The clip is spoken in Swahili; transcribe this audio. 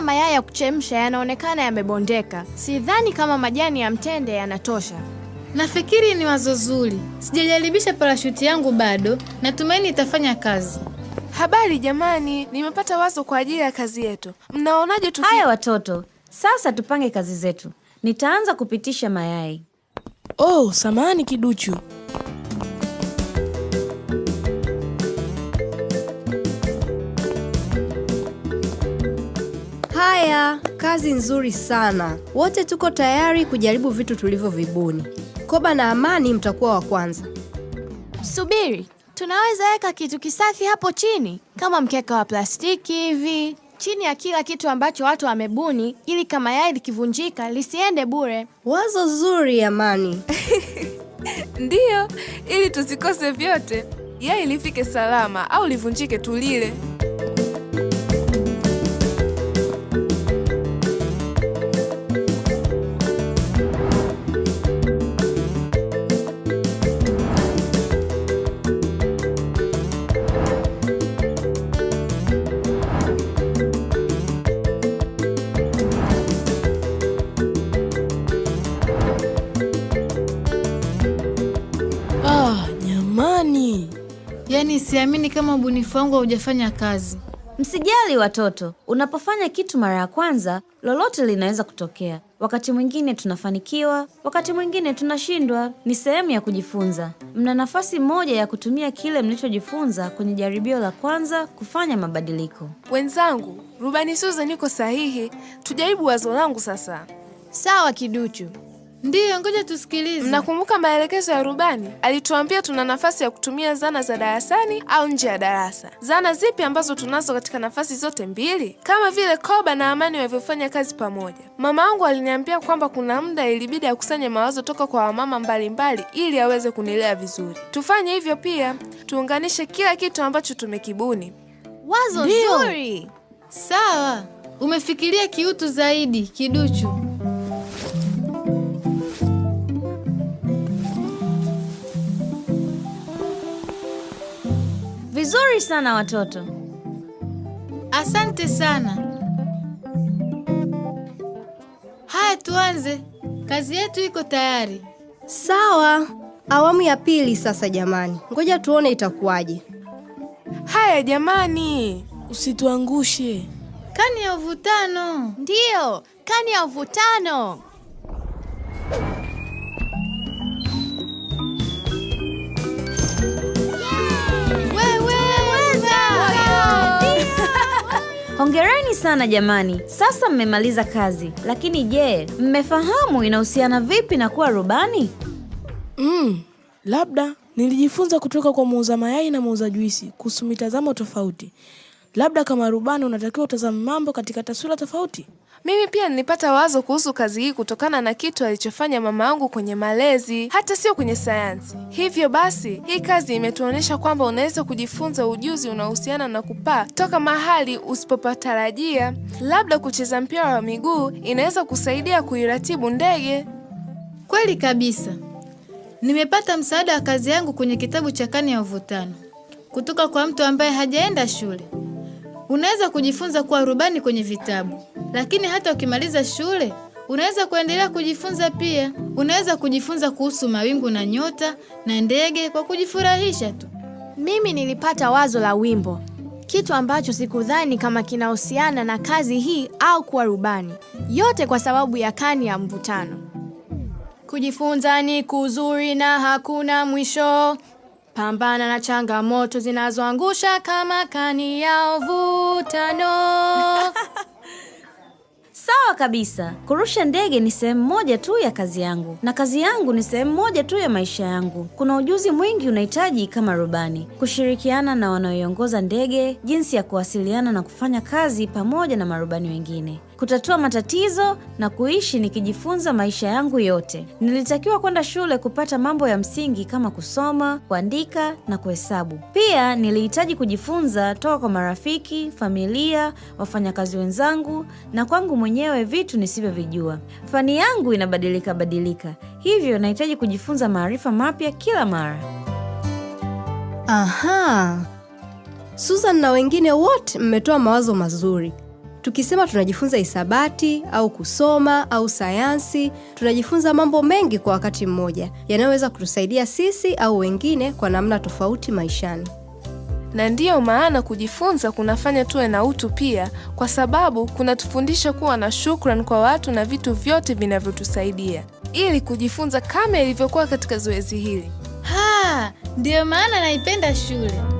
haya mayai ya kuchemsha yanaonekana yamebondeka. Sidhani kama majani ya mtende yanatosha. Nafikiri ni wazo zuri. Sijajaribisha parashuti yangu bado, natumaini itafanya kazi. Habari jamani, nimepata wazo kwa ajili ya kazi yetu. Mnaonaje tuki... Haya watoto, sasa tupange kazi zetu. Nitaanza kupitisha mayai. Oh, samahani kiduchu. Haya, kazi nzuri sana. Wote tuko tayari kujaribu vitu tulivyovibuni. Koba na Amani mtakuwa wa kwanza. Subiri, tunaweza weka kitu kisafi hapo chini kama mkeka wa plastiki hivi chini ya kila kitu ambacho watu wamebuni, ili kama yai likivunjika lisiende bure. Wazo zuri, Amani. Ndiyo, ili tusikose vyote, yai lifike salama au livunjike tulile. gani? yaani siamini kama ubunifu wangu haujafanya kazi. Msijali watoto, unapofanya kitu mara ya kwanza, lolote linaweza kutokea. Wakati mwingine tunafanikiwa, wakati mwingine tunashindwa. Ni sehemu ya kujifunza. Mna nafasi moja ya kutumia kile mlichojifunza kwenye jaribio la kwanza kufanya mabadiliko. Wenzangu, rubani Susan yuko sahihi, tujaribu wazo langu sasa. Sawa Kiduchu. Ndiyo, ngoja tusikilize. Mnakumbuka maelekezo ya rubani? Alituambia tuna nafasi ya kutumia zana za darasani au nje ya darasa. Zana zipi ambazo tunazo katika nafasi zote mbili? Kama vile Koba na Amani walivyofanya kazi pamoja. Mama yangu aliniambia kwamba kuna muda ilibidi akusanye mawazo toka kwa wamama mbalimbali ili aweze kunilea vizuri. Tufanye hivyo pia, tuunganishe kila kitu ambacho tumekibuni. Wazo nzuri. Sawa, umefikiria kiutu zaidi, Kiduchu. vizuri sana watoto. Asante sana. Haya, tuanze. Kazi yetu iko tayari. Sawa. Awamu ya pili sasa jamani. Ngoja tuone itakuwaje. Haya jamani, usituangushe. Kani ya uvutano. Ndiyo, kani ya uvutano. Hongereni sana jamani, sasa mmemaliza kazi. Lakini je, mmefahamu inahusiana vipi na kuwa rubani? Mm, labda nilijifunza kutoka kwa muuza mayai na muuza juisi kuhusu mitazamo tofauti Labda kama rubani unatakiwa utazame mambo katika taswira tofauti. Mimi pia nilipata wazo kuhusu kazi hii kutokana na kitu alichofanya mama yangu kwenye malezi, hata sio kwenye sayansi. Hivyo basi, hii kazi imetuonyesha kwamba unaweza kujifunza ujuzi unaohusiana na kupaa toka mahali usipopatarajia. Labda kucheza mpira wa miguu inaweza kusaidia kuiratibu ndege. Kweli kabisa. Nimepata msaada wa kazi yangu kwenye kitabu cha Kani ya Uvutano kutoka kwa mtu ambaye hajaenda shule. Unaweza kujifunza kuwa rubani kwenye vitabu, lakini hata ukimaliza shule unaweza kuendelea kujifunza pia. Unaweza kujifunza kuhusu mawingu na nyota na ndege kwa kujifurahisha tu. Mimi nilipata wazo la wimbo, kitu ambacho sikudhani kama kinahusiana na kazi hii au kuwa rubani, yote kwa sababu ya kani ya mvutano. Kujifunza ni kuzuri na hakuna mwisho pambana na changamoto zinazoangusha kama kani ya uvutano. Sawa kabisa. Kurusha ndege ni sehemu moja tu ya kazi yangu, na kazi yangu ni sehemu moja tu ya maisha yangu. Kuna ujuzi mwingi unahitaji kama rubani, kushirikiana na wanaoiongoza ndege, jinsi ya kuwasiliana na kufanya kazi pamoja na marubani wengine kutatua matatizo na kuishi nikijifunza maisha yangu yote. Nilitakiwa kwenda shule kupata mambo ya msingi kama kusoma, kuandika na kuhesabu. Pia nilihitaji kujifunza toka kwa marafiki, familia, wafanyakazi wenzangu na kwangu mwenyewe vitu nisivyovijua. Fani yangu inabadilika badilika, hivyo nahitaji kujifunza maarifa mapya kila mara. Aha. Susan na wengine wote mmetoa mawazo mazuri. Tukisema tunajifunza hisabati au kusoma au sayansi, tunajifunza mambo mengi kwa wakati mmoja yanayoweza kutusaidia sisi au wengine kwa namna tofauti maishani. Na ndiyo maana kujifunza kunafanya tuwe na utu pia, kwa sababu kunatufundisha kuwa na shukrani kwa watu na vitu vyote vinavyotusaidia ili kujifunza kama ilivyokuwa katika zoezi hili. Ha, ndiyo maana naipenda shule.